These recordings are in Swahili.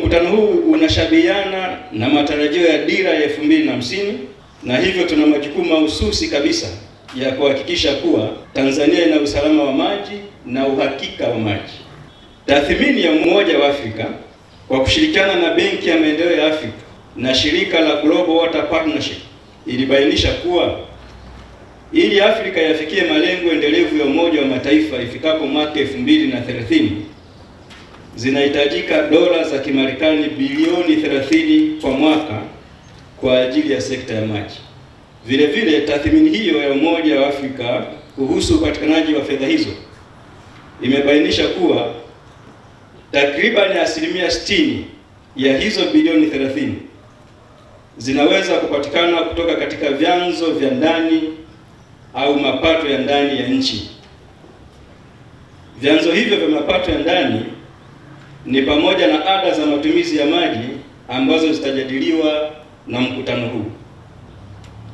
Mkutano huu unashabihiana na matarajio ya dira ya 2050 na hivyo tuna majukumu mahususi kabisa ya kuhakikisha kuwa Tanzania ina usalama wa maji na uhakika wa maji. Tathmini ya Umoja wa Afrika kwa kushirikiana na Benki ya Maendeleo ya Afrika na shirika la Global Water Partnership ilibainisha kuwa ili Afrika yafikie malengo endelevu ya Umoja wa Mataifa ifikapo mwaka 2030 zinahitajika dola za Kimarekani bilioni 30 kwa mwaka kwa ajili ya sekta ya maji. Vile vile tathmini hiyo ya Umoja wa Afrika kuhusu upatikanaji wa fedha hizo imebainisha kuwa takribani asilimia 60 ya hizo bilioni 30 zinaweza kupatikana kutoka katika vyanzo vya ndani au mapato ya ndani ya nchi. Vyanzo hivyo vya mapato ya ndani ni pamoja na ada za matumizi ya maji ambazo zitajadiliwa na mkutano huu.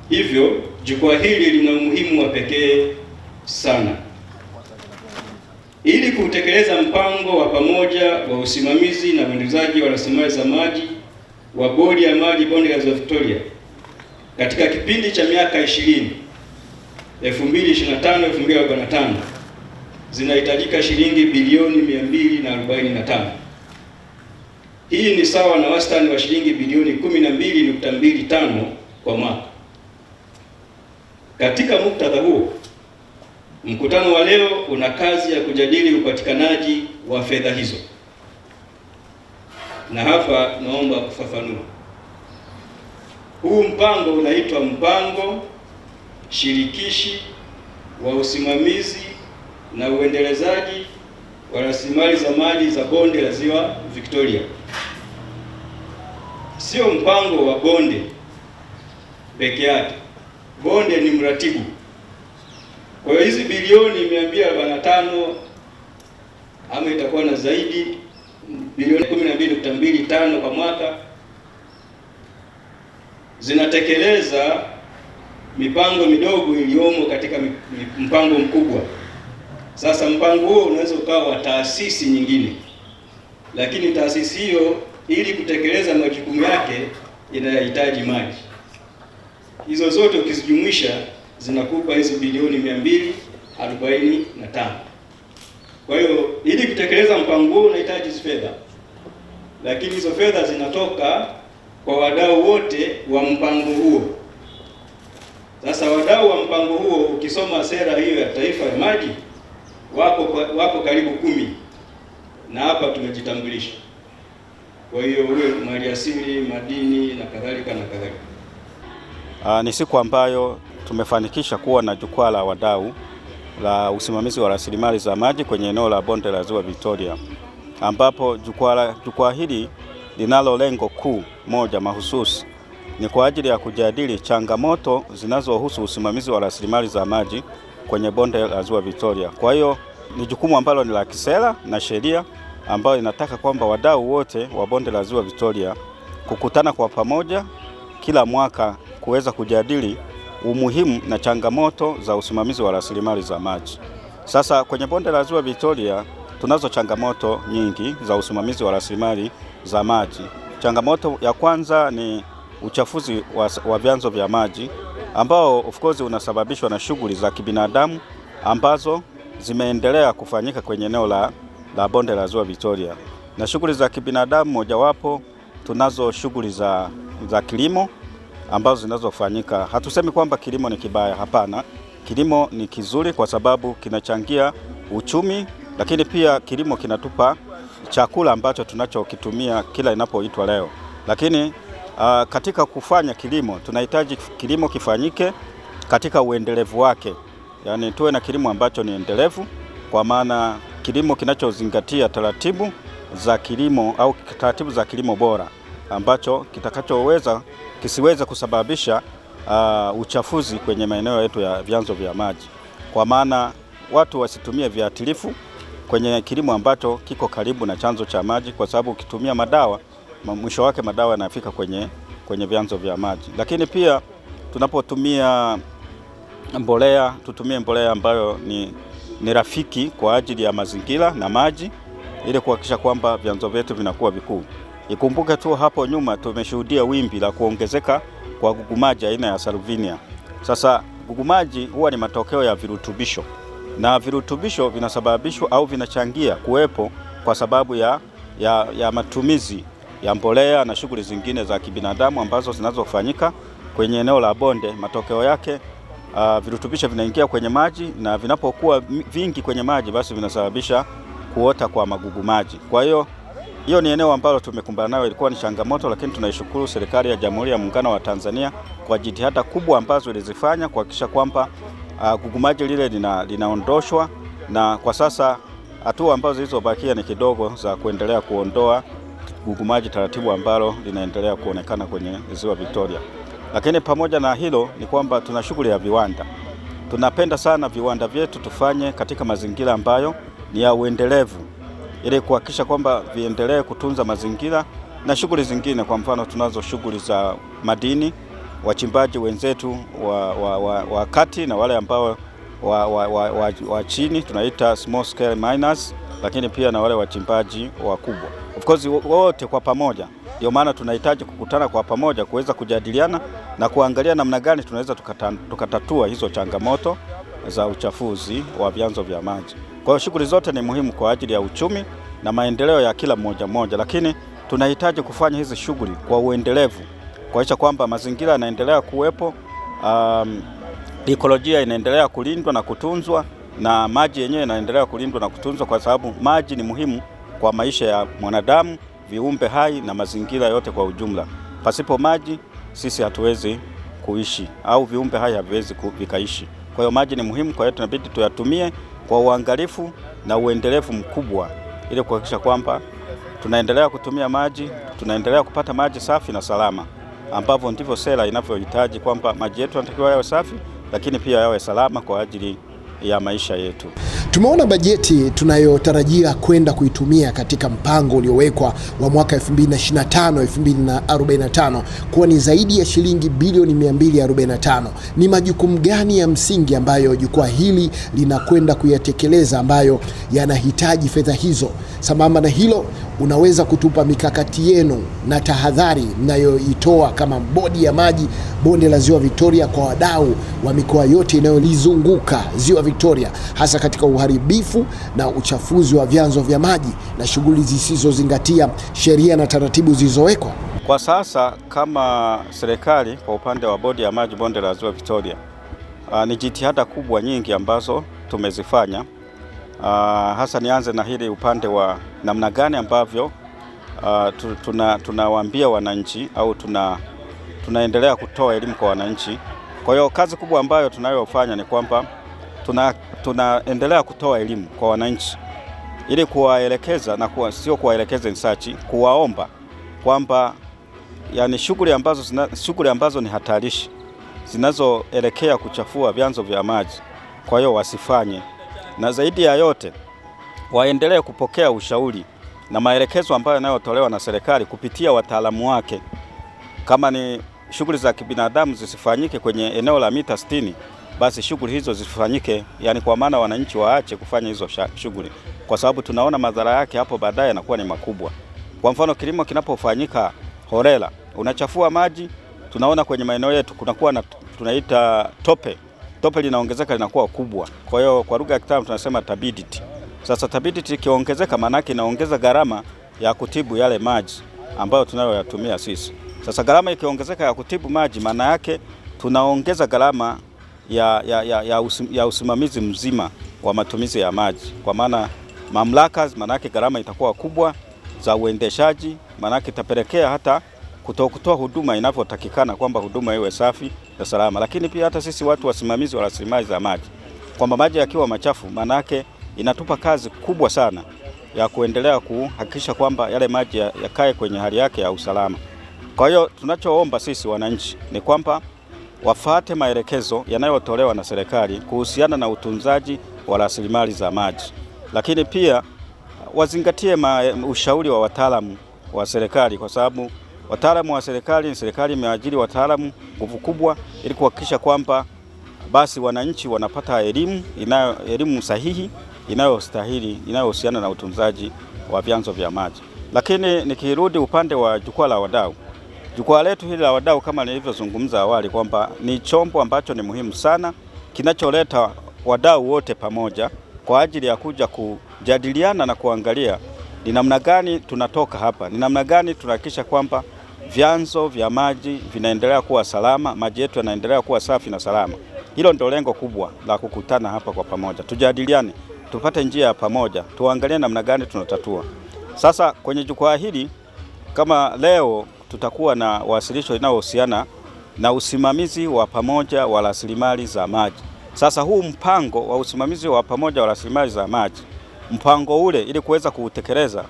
Hivyo jukwaa hili lina umuhimu wa pekee sana ili kutekeleza mpango wa pamoja wa usimamizi na uendelezaji wa rasilimali za maji wa bodi ya maji bonde la Ziwa Victoria katika kipindi cha miaka 20 2025 2045 zinahitajika shilingi bilioni 245. Hii ni sawa na wastani wa shilingi bilioni 12.25 kwa mwaka. Katika muktadha huo, mkutano wa leo una kazi ya kujadili upatikanaji wa fedha hizo, na hapa naomba kufafanua. Huu mpango unaitwa mpango shirikishi wa usimamizi na uendelezaji wa rasilimali za maji za bonde la Ziwa Victoria sio mpango wa bonde peke yake. Bonde ni mratibu. Kwa hiyo hizi bilioni 245 ama itakuwa na zaidi bilioni 12.25 kwa mwaka zinatekeleza mipango midogo iliyomo katika mpango mkubwa. Sasa mpango huo unaweza ukawa wa taasisi nyingine, lakini taasisi hiyo ili kutekeleza majukumu yake inayohitaji maji. Hizo zote ukizijumuisha zinakupa hizo bilioni 245. Kwa hiyo ili kutekeleza mpango huo unahitaji fedha, lakini hizo fedha zinatoka kwa wadau wote wa mpango huo. Sasa wadau wa mpango huo, ukisoma sera hiyo ya taifa ya maji, wako wako karibu kumi, na hapa tumejitambulisha kwa hiyo uwe asili, madini na kadhalika na kadhalika. Ah, ni siku ambayo tumefanikisha kuwa na jukwaa la wadau la usimamizi wa rasilimali za maji kwenye eneo la bonde la Ziwa Victoria, ambapo jukwaa jukwaa hili linalo lengo kuu moja mahususi ni kwa ajili ya kujadili changamoto zinazohusu usimamizi wa rasilimali za maji kwenye bonde la Ziwa Victoria. Kwa hiyo ni jukumu ambalo ni la kisera na sheria ambayo inataka kwamba wadau wote wa bonde la Ziwa Victoria kukutana kwa pamoja kila mwaka kuweza kujadili umuhimu na changamoto za usimamizi wa rasilimali za maji. Sasa kwenye bonde la Ziwa Victoria tunazo changamoto nyingi za usimamizi wa rasilimali za maji. Changamoto ya kwanza ni uchafuzi wa, wa vyanzo vya maji ambao of course unasababishwa na shughuli za kibinadamu ambazo zimeendelea kufanyika kwenye eneo la la bonde la Ziwa Victoria, na shughuli za kibinadamu mojawapo tunazo shughuli za, za kilimo ambazo zinazofanyika. Hatusemi kwamba kilimo ni kibaya, hapana. Kilimo ni kizuri kwa sababu kinachangia uchumi, lakini pia kilimo kinatupa chakula ambacho tunachokitumia kila inapoitwa leo. Lakini uh, katika kufanya kilimo tunahitaji kilimo kifanyike katika uendelevu wake, yaani tuwe na kilimo ambacho ni endelevu kwa maana kilimo kinachozingatia taratibu za kilimo au taratibu za kilimo bora ambacho kitakachoweza kisiweze kusababisha uh, uchafuzi kwenye maeneo yetu ya vyanzo vya maji, kwa maana watu wasitumie viatilifu kwenye kilimo ambacho kiko karibu na chanzo cha maji, kwa sababu ukitumia madawa mwisho wake madawa yanafika kwenye, kwenye vyanzo vya maji. Lakini pia tunapotumia mbolea tutumie mbolea ambayo ni ni rafiki kwa ajili ya mazingira na maji ili kuhakikisha kwamba vyanzo vyetu vinakuwa vikuu. Ikumbuke tu hapo nyuma tumeshuhudia wimbi la kuongezeka kwa gugumaji aina ya Salvinia. Sasa gugumaji huwa ni matokeo ya virutubisho, na virutubisho vinasababishwa au vinachangia kuwepo kwa sababu ya, ya, ya matumizi ya mbolea na shughuli zingine za kibinadamu ambazo zinazofanyika kwenye eneo la bonde. Matokeo yake uh, virutubisho vinaingia kwenye maji na vinapokuwa vingi kwenye maji, basi vinasababisha kuota kwa magugu maji. Kwa hiyo hiyo ni eneo ambalo tumekumbana nayo, ilikuwa ni changamoto, lakini tunaishukuru serikali ya Jamhuri ya Muungano wa Tanzania kwa jitihada kubwa ambazo ilizifanya kuhakikisha kwamba uh, maji lile lina, linaondoshwa na kwa sasa hatua ambazo zilizobakia ni kidogo za kuendelea kuondoa gugumaji taratibu ambalo linaendelea kuonekana kwenye Ziwa Victoria. Lakini pamoja na hilo ni kwamba tuna shughuli ya viwanda. Tunapenda sana viwanda vyetu tufanye katika mazingira ambayo ni ya uendelevu, ili kuhakikisha kwamba viendelee kutunza mazingira na shughuli zingine. Kwa mfano, tunazo shughuli za madini, wachimbaji wenzetu wa, wa, wa, wa kati na wale ambao wa, wa, wa, wa, wa chini tunaita small scale miners, lakini pia na wale wachimbaji wakubwa. Of course wote kwa pamoja ndio maana tunahitaji kukutana kwa pamoja kuweza kujadiliana na kuangalia namna gani tunaweza tukata, tukatatua hizo changamoto za uchafuzi wa vyanzo vya maji. Kwa hiyo shughuli zote ni muhimu kwa ajili ya uchumi na maendeleo ya kila mmoja mmoja, lakini tunahitaji kufanya hizi shughuli kwa uendelevu, kuhakikisha kwamba mazingira yanaendelea kuwepo, um, ekolojia inaendelea kulindwa na kutunzwa na maji yenyewe yanaendelea kulindwa na kutunzwa, kwa sababu maji ni muhimu kwa maisha ya mwanadamu viumbe hai na mazingira yote kwa ujumla. Pasipo maji sisi hatuwezi kuishi au viumbe hai haviwezi vikaishi. Kwa hiyo maji ni muhimu, kwa hiyo tunabidi tuyatumie kwa uangalifu na uendelevu mkubwa ili kuhakikisha kwamba tunaendelea kutumia maji, tunaendelea kupata maji safi na salama, ambavyo ndivyo sera inavyohitaji kwamba maji yetu yanatakiwa yawe safi, lakini pia yawe salama kwa ajili ya maisha yetu. Tumeona bajeti tunayotarajia kwenda kuitumia katika mpango uliowekwa wa mwaka 2025 2045 kuwa ni zaidi ya shilingi bilioni 245. Ni majukumu gani ya msingi ambayo jukwaa hili linakwenda kuyatekeleza ambayo yanahitaji fedha hizo? Sambamba na hilo unaweza kutupa mikakati yenu na tahadhari mnayoitoa kama bodi ya maji bonde la ziwa Victoria kwa wadau wa mikoa yote inayolizunguka ziwa Victoria, hasa katika uharibifu na uchafuzi wa vyanzo vya maji na shughuli zisizozingatia sheria na taratibu zilizowekwa? Kwa sasa kama serikali kwa upande wa bodi ya maji bonde la ziwa Victoria, uh, ni jitihada kubwa nyingi ambazo tumezifanya. Uh, hasa nianze na hili upande wa namna gani ambavyo uh, tunawaambia tuna wananchi au tuna, tunaendelea kutoa elimu kwa wananchi. Kwa hiyo kazi kubwa ambayo tunayofanya ni kwamba tuna, tunaendelea kutoa elimu kwa wananchi ili kuwaelekeza na kuwa, sio kuwaelekeza insachi, kuwaomba kwamba yani shughuli ambazo, zina, shughuli ambazo ni hatarishi zinazoelekea kuchafua vyanzo vya maji, kwa hiyo wasifanye, na zaidi ya yote waendelee kupokea ushauri na maelekezo ambayo yanayotolewa na serikali kupitia wataalamu wake. Kama ni shughuli za kibinadamu zisifanyike kwenye eneo la mita 60, basi shughuli hizo zisifanyike, yani kwa maana wananchi waache kufanya hizo shughuli, kwa sababu tunaona madhara yake hapo baadaye yanakuwa ni makubwa. Kwa mfano, kilimo kinapofanyika holela, unachafua maji. Tunaona kwenye maeneo yetu kunakuwa na tunaita tope, tope linaongezeka linakuwa kubwa. Kwa hiyo kwa lugha ya kitaalamu tunasema turbidity. Sasa tabidi tikiongezeka, maanake inaongeza gharama ya kutibu yale maji ambayo tunayoyatumia sisi. Sasa gharama ikiongezeka ya kutibu maji, maana yake tunaongeza gharama ya, ya, ya, ya, usim, ya usimamizi mzima wa matumizi ya maji, kwa maana mamlaka, yake gharama itakuwa kubwa za uendeshaji, yake itapelekea hata kutokutoa huduma inavyotakikana, kwamba huduma iwe safi na salama. Lakini pia hata sisi watu wasimamizi wa rasilimali za maji, kwamba maji yakiwa machafu, yake inatupa kazi kubwa sana ya kuendelea kuhakikisha kwamba yale maji yakae kwenye hali yake ya usalama. Kwa hiyo tunachoomba sisi wananchi ni kwamba wafate maelekezo yanayotolewa na serikali kuhusiana na utunzaji wa rasilimali za maji, lakini pia wazingatie ushauri wa wataalamu wa serikali, kwa sababu wataalamu wa serikali, serikali imeajiri wataalamu nguvu kubwa, ili kuhakikisha kwamba basi wananchi wanapata elimu inayo elimu sahihi inayostahili inayohusiana na utunzaji wa vyanzo vya maji. Lakini nikirudi upande wa jukwaa la wadau, jukwaa letu hili la wadau kama nilivyozungumza awali kwamba ni chombo ambacho ni muhimu sana kinacholeta wadau wote pamoja kwa ajili ya kuja kujadiliana na kuangalia ni namna gani tunatoka hapa, ni namna gani tunahakikisha kwamba vyanzo vya maji vinaendelea kuwa salama, maji yetu yanaendelea kuwa safi na salama. Hilo ndio lengo kubwa la kukutana hapa kwa pamoja, tujadiliane tupate njia ya pamoja, tuangalie namna gani tunatatua. Sasa kwenye jukwaa hili kama leo tutakuwa na wasilisho linalohusiana na usimamizi wa pamoja wa rasilimali za maji. Sasa huu mpango wa usimamizi wa pamoja wa rasilimali za maji, mpango ule ili kuweza kuutekeleza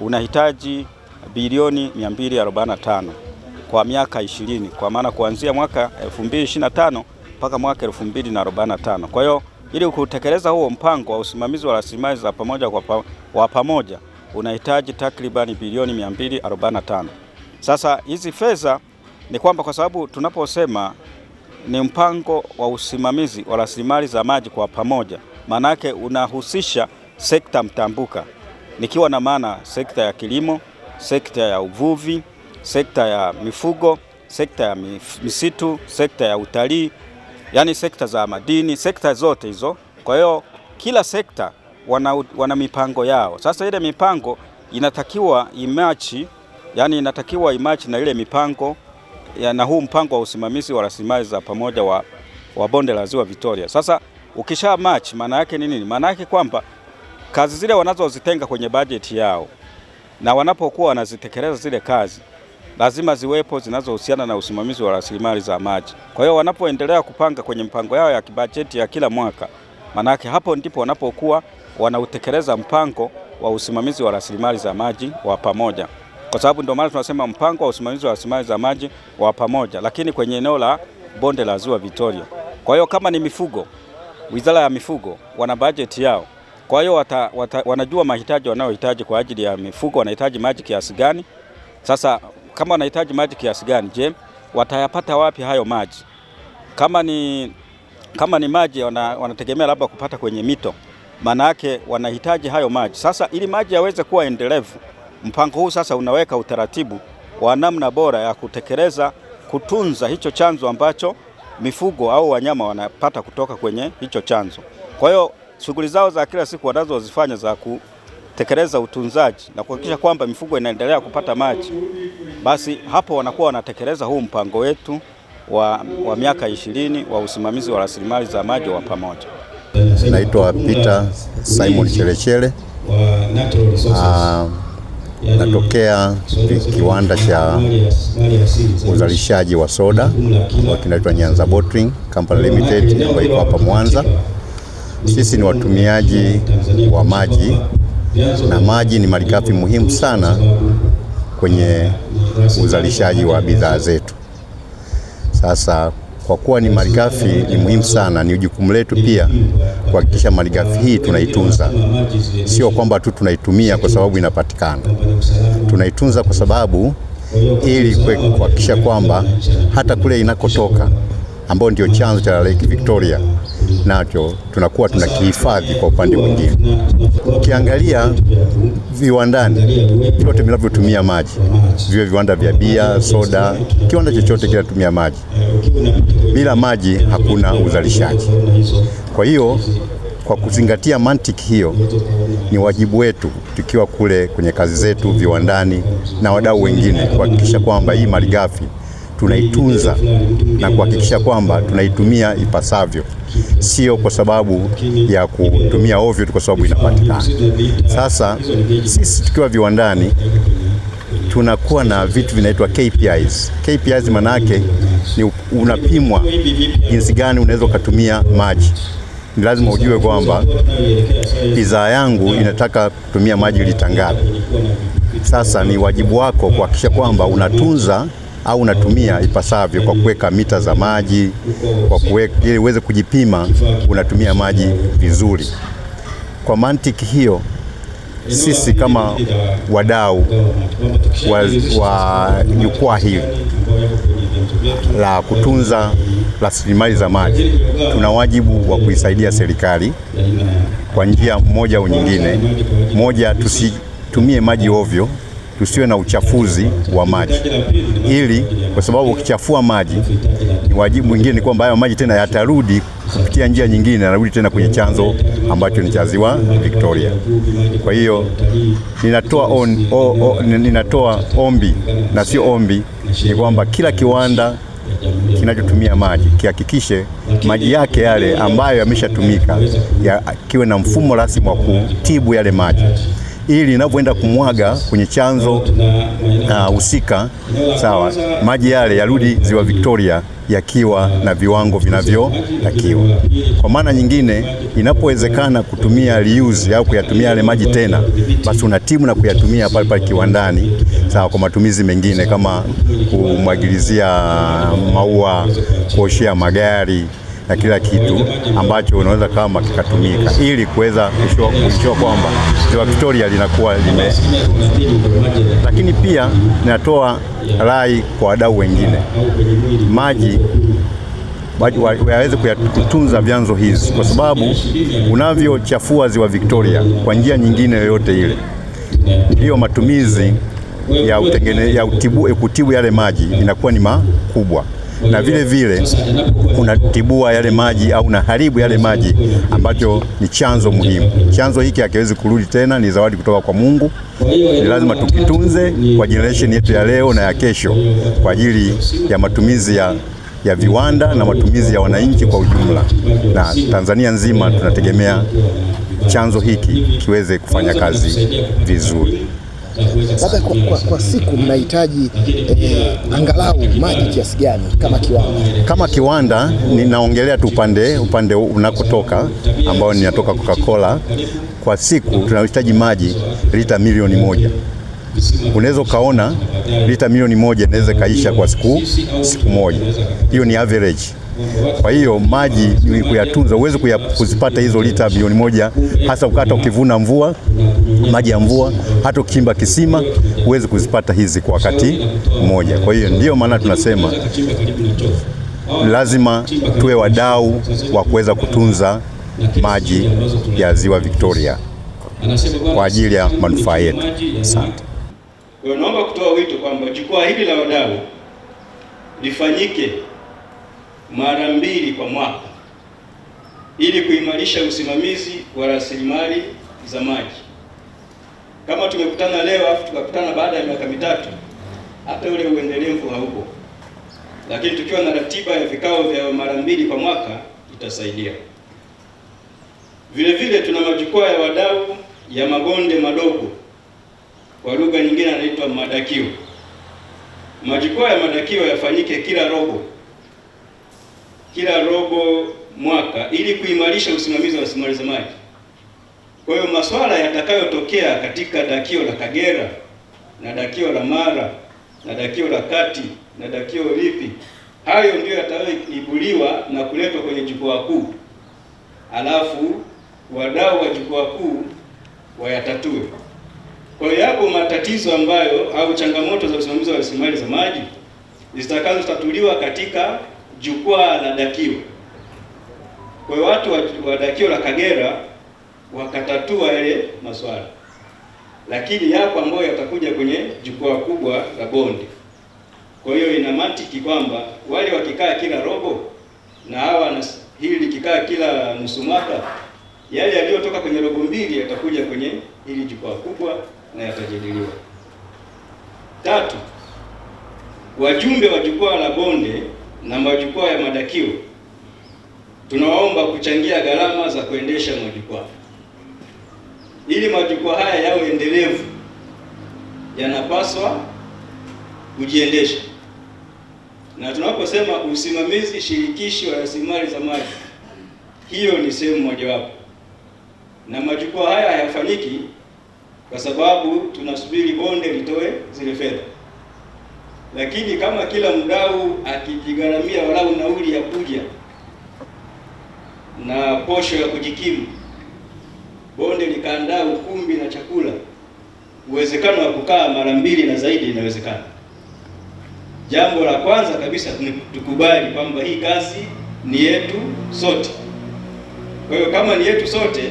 unahitaji bilioni 245 kwa miaka 20, kwa maana kuanzia mwaka 2025 mpaka mwaka 2045. Kwa hiyo ili kutekeleza huo mpango wa usimamizi wa rasilimali za pamoja kwa pa, wa pamoja unahitaji takribani bilioni 245. Sasa hizi fedha ni kwamba kwa sababu tunaposema ni mpango wa usimamizi wa rasilimali za maji kwa pamoja, maana unahusisha sekta mtambuka, nikiwa na maana sekta ya kilimo, sekta ya uvuvi, sekta ya mifugo, sekta ya misitu, sekta ya utalii yani sekta za madini, sekta zote hizo. Kwa hiyo kila sekta wana, wana mipango yao. Sasa ile mipango inatakiwa imachi, yani inatakiwa imachi na ile mipango ya, na huu mpango wa usimamizi wa rasilimali za pamoja wa, wa bonde la Ziwa Victoria. Sasa ukisha match maana yake ni nini? Maana yake kwamba kazi zile wanazozitenga kwenye bajeti yao na wanapokuwa wanazitekeleza zile kazi lazima ziwepo zinazohusiana na usimamizi wa rasilimali za maji. Kwa hiyo wanapoendelea kupanga kwenye mpango yao ya kibajeti ya kila mwaka, manake hapo ndipo wanapokuwa wanautekeleza mpango wa usimamizi wa rasilimali za maji wa pamoja, kwa sababu ndio maana tunasema mpango wa usimamizi wa rasilimali za maji wa pamoja, lakini kwenye eneo la bonde la Ziwa Victoria. Kwa hiyo kama ni mifugo, Wizara ya Mifugo wana bajeti yao kwa hiyo wanajua mahitaji wanayohitaji kwa ajili ya mifugo, wanahitaji maji kiasi gani. Sasa kama wanahitaji maji kiasi gani. Je, watayapata wapi hayo maji? Kama ni, kama ni maji wana, wanategemea labda kupata kwenye mito, maana yake wanahitaji hayo maji. Sasa ili maji yaweze kuwa endelevu, mpango huu sasa unaweka utaratibu wa namna bora ya kutekeleza kutunza hicho chanzo ambacho mifugo au wanyama wanapata kutoka kwenye hicho chanzo. Kwa hiyo shughuli zao za kila siku wanazozifanya za ku kutekeleza utunzaji na kuhakikisha kwamba mifugo inaendelea kupata maji, basi hapo wanakuwa wanatekeleza huu mpango wetu wa, wa miaka ishirini wa usimamizi wa rasilimali za maji wa pamoja. Naitwa Peter Simon Chelechele. Ah, ah, natokea kiwanda cha uzalishaji wa soda ambao kinaitwa Nyanza Bottling Company Limited ambayo iko hapa Mwanza. Sisi ni watumiaji wa maji na maji ni malighafi muhimu sana kwenye uzalishaji wa bidhaa zetu. Sasa kwa kuwa ni malighafi ni muhimu sana, ni jukumu letu pia kuhakikisha malighafi hii tunaitunza. Sio kwamba tu tunaitumia kwa sababu inapatikana, tunaitunza kwa sababu ili kuhakikisha kwamba hata kule inakotoka, ambayo ndio chanzo cha Lake Victoria nacho tunakuwa tunakihifadhi kwa upande mwingine. Ukiangalia viwandani vyote vinavyotumia maji, viwe viwanda vya bia, soda, kiwanda chochote kinatumia maji. Bila maji hakuna uzalishaji. Kwa hiyo kwa kuzingatia mantiki hiyo, ni wajibu wetu tukiwa kule kwenye kazi zetu viwandani na wadau wengine kuhakikisha kwamba hii malighafi tunaitunza na kuhakikisha kwamba tunaitumia ipasavyo, sio kwa sababu ya kutumia ovyo tu kwa sababu inapatikana. Sasa sisi tukiwa viwandani tunakuwa na vitu vinaitwa KPIs. KPIs maana yake ni unapimwa jinsi gani unaweza ukatumia maji. Ni lazima ujue kwamba bidhaa yangu inataka kutumia maji lita ngapi. Sasa ni wajibu wako kuhakikisha kwamba unatunza au unatumia ipasavyo kwa kuweka mita za maji kwa kuweka, ili uweze kujipima unatumia maji vizuri. Kwa mantiki hiyo, sisi kama wadau wa jukwaa hili la kutunza rasilimali za maji, tuna wajibu wa kuisaidia serikali kwa njia moja au nyingine. Moja, tusitumie maji ovyo tusiwe na uchafuzi wa maji, ili kwa sababu ukichafua maji, ni wajibu mwingine ni kwamba hayo maji tena yatarudi kupitia njia nyingine, yanarudi tena kwenye chanzo ambacho ni cha ziwa Victoria. Kwa hiyo ninatoa, on, o, o, ninatoa ombi na sio ombi, ni kwamba kila kiwanda kinachotumia maji kihakikishe maji yake yale ambayo yameshatumika ya kiwe na mfumo rasmi wa kutibu yale maji ili inavyoenda kumwaga kwenye chanzo ah, husika uh, sawa, maji yale yarudi ziwa Victoria yakiwa na viwango vinavyotakiwa. Kwa maana nyingine, inapowezekana kutumia reuse au kuyatumia yale maji tena, basi timu na kuyatumia pale pale kiwandani, sawa, kwa matumizi mengine kama kumwagilizia maua, kuoshea magari na kila kitu ambacho unaweza kama kikatumika ili kuweza kushoa kwamba Ziwa Victoria linakuwa lime, lakini pia ninatoa rai kwa wadau wengine maji waweze kutunza vyanzo hizi, kwa sababu unavyochafua ziwa Victoria kwa njia nyingine yoyote ile, hiyo matumizi ya, utengene, ya, utibu, kutibu yale maji inakuwa ni makubwa na vile vile unatibua yale maji au unaharibu yale maji ambacho ni chanzo muhimu. Chanzo hiki hakiwezi kurudi tena, ni zawadi kutoka kwa Mungu. Ni lazima tukitunze kwa generation yetu ya leo na ya kesho kwa ajili ya matumizi ya ya viwanda na matumizi ya wananchi kwa ujumla, na Tanzania nzima tunategemea chanzo hiki kiweze kufanya kazi vizuri labda kwa, kwa, kwa siku mnahitaji eh, angalau maji kiasi gani kama kiwanda? Kama kiwanda ninaongelea tu upande upande unakotoka ambao ninatoka Coca-Cola, kwa siku tunahitaji maji lita milioni moja unaweza ukaona lita milioni moja inaweza ikaisha kwa siku siku moja. Hiyo ni average. Kwa hiyo maji ni kuyatunza, huwezi kuzipata hizo lita bilioni moja, hasa hata ukivuna mvua, maji ya mvua, hata ukimba kisima huwezi kuzipata hizi kwa wakati mmoja. Kwa hiyo ndiyo maana tunasema lazima tuwe wadau wa kuweza kutunza maji ya ziwa Victoria kwa ajili ya manufaa yetu. Asante. Kwa hiyo naomba kutoa wito kwamba jukwaa hili la wadau lifanyike mara mbili kwa mwaka ili kuimarisha usimamizi wa rasilimali za maji. Kama tumekutana leo afu tukakutana baada ya miaka mitatu, hata ule uendelevu haupo, lakini tukiwa na ratiba ya vikao vya mara mbili kwa mwaka itasaidia. Vile vile tuna majukwaa ya wadau ya mabonde madogo, kwa lugha nyingine anaitwa madakio Majukwaa ya madakio yafanyike kila robo kila robo mwaka ili kuimarisha usimamizi wa rasilimali maji. Kwa hiyo masuala yatakayotokea katika dakio la Kagera na dakio la Mara na dakio la Kati na dakio lipi, hayo ndio yatakayoibuliwa na kuletwa kwenye jukwaa kuu, alafu wadau wa jukwaa kuu wayatatue. Kwa hiyo yapo matatizo ambayo au changamoto za usimamizi wa rasilimali za maji zitakazotatuliwa katika jukwaa la Dakio. Kwa hiyo watu wa Dakio la Kagera wakatatua yale maswala, lakini yapo ambayo yatakuja kwenye jukwaa kubwa la Bondi. Kwa hiyo ina mantiki kwamba wale wakikaa kila robo na hawa na hili likikaa kila nusu mwaka, yale yaliyotoka kwenye robo mbili yatakuja kwenye hili jukwaa kubwa na yatajadiliwa. Tatu, wajumbe wa jukwaa la bonde na majukwaa ya madakio, tunawaomba kuchangia gharama za kuendesha majukwaa ili majukwaa haya yawe endelevu, yanapaswa kujiendesha. Na tunaposema usimamizi shirikishi wa rasilimali za maji, hiyo ni sehemu mojawapo, na majukwaa haya hayafanyiki kwa sababu tunasubiri bonde litoe zile fedha lakini kama kila mdau akijigharamia walau nauli ya kuja na posho ya kujikimu, bonde likaandaa ukumbi na chakula, uwezekano wa kukaa mara mbili na zaidi inawezekana. Jambo la kwanza kabisa tukubali kwamba hii kazi ni yetu sote. Kwa hiyo kama ni yetu sote,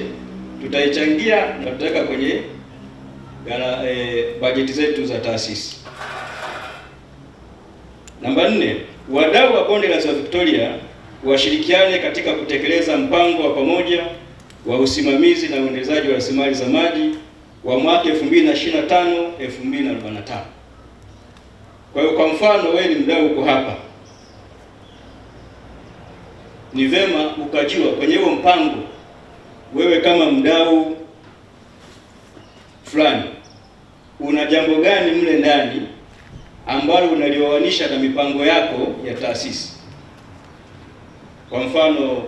tutaichangia na tutaweka kwenye gara, eh, bajeti zetu za taasisi. Namba nne, wadau wa bonde la ziwa Victoria washirikiane katika kutekeleza mpango wa pamoja wa usimamizi na uendelezaji wa rasilimali za maji wa mwaka 2025 2045. Kwa hiyo kwa mfano, wewe ni mdau uko hapa, ni vema ukajua kwenye huo mpango, wewe kama mdau fulani una jambo gani mle ndani ambalo unalioanisha na mipango yako ya taasisi. Kwa mfano,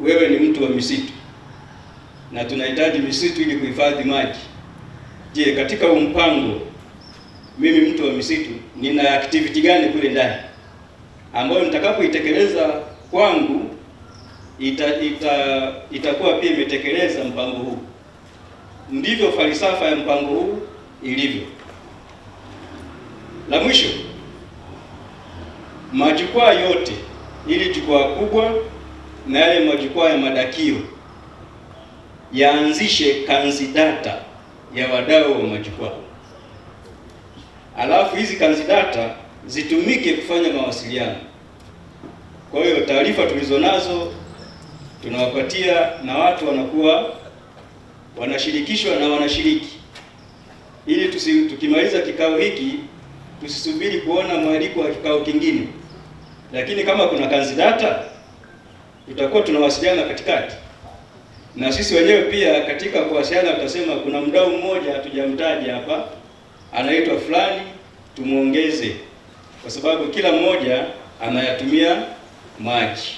wewe ni mtu wa misitu na tunahitaji misitu ili kuhifadhi maji. Je, katika mpango mimi mtu wa misitu nina activity gani kule ndani ambayo nitakapoitekeleza kwangu ita- ita- itakuwa pia imetekeleza mpango huu. Ndivyo falsafa ya mpango huu ilivyo. La mwisho, majukwaa yote, ili jukwaa kubwa na yale majukwaa ya madakio yaanzishe kanzidata ya wadau wa majukwaa, alafu hizi kanzidata zitumike kufanya mawasiliano. Kwa hiyo taarifa tulizo nazo tunawapatia na watu wanakuwa wanashirikishwa na wanashiriki, ili tusi, tukimaliza kikao hiki tusisubiri kuona mwaliko wa kikao kingine, lakini kama kuna data tutakuwa tunawasiliana katikati na sisi wenyewe pia katika kuwasiliana, tutasema kuna mdau mmoja hatujamtaja hapa, anaitwa fulani, tumwongeze, kwa sababu kila mmoja anayatumia maji.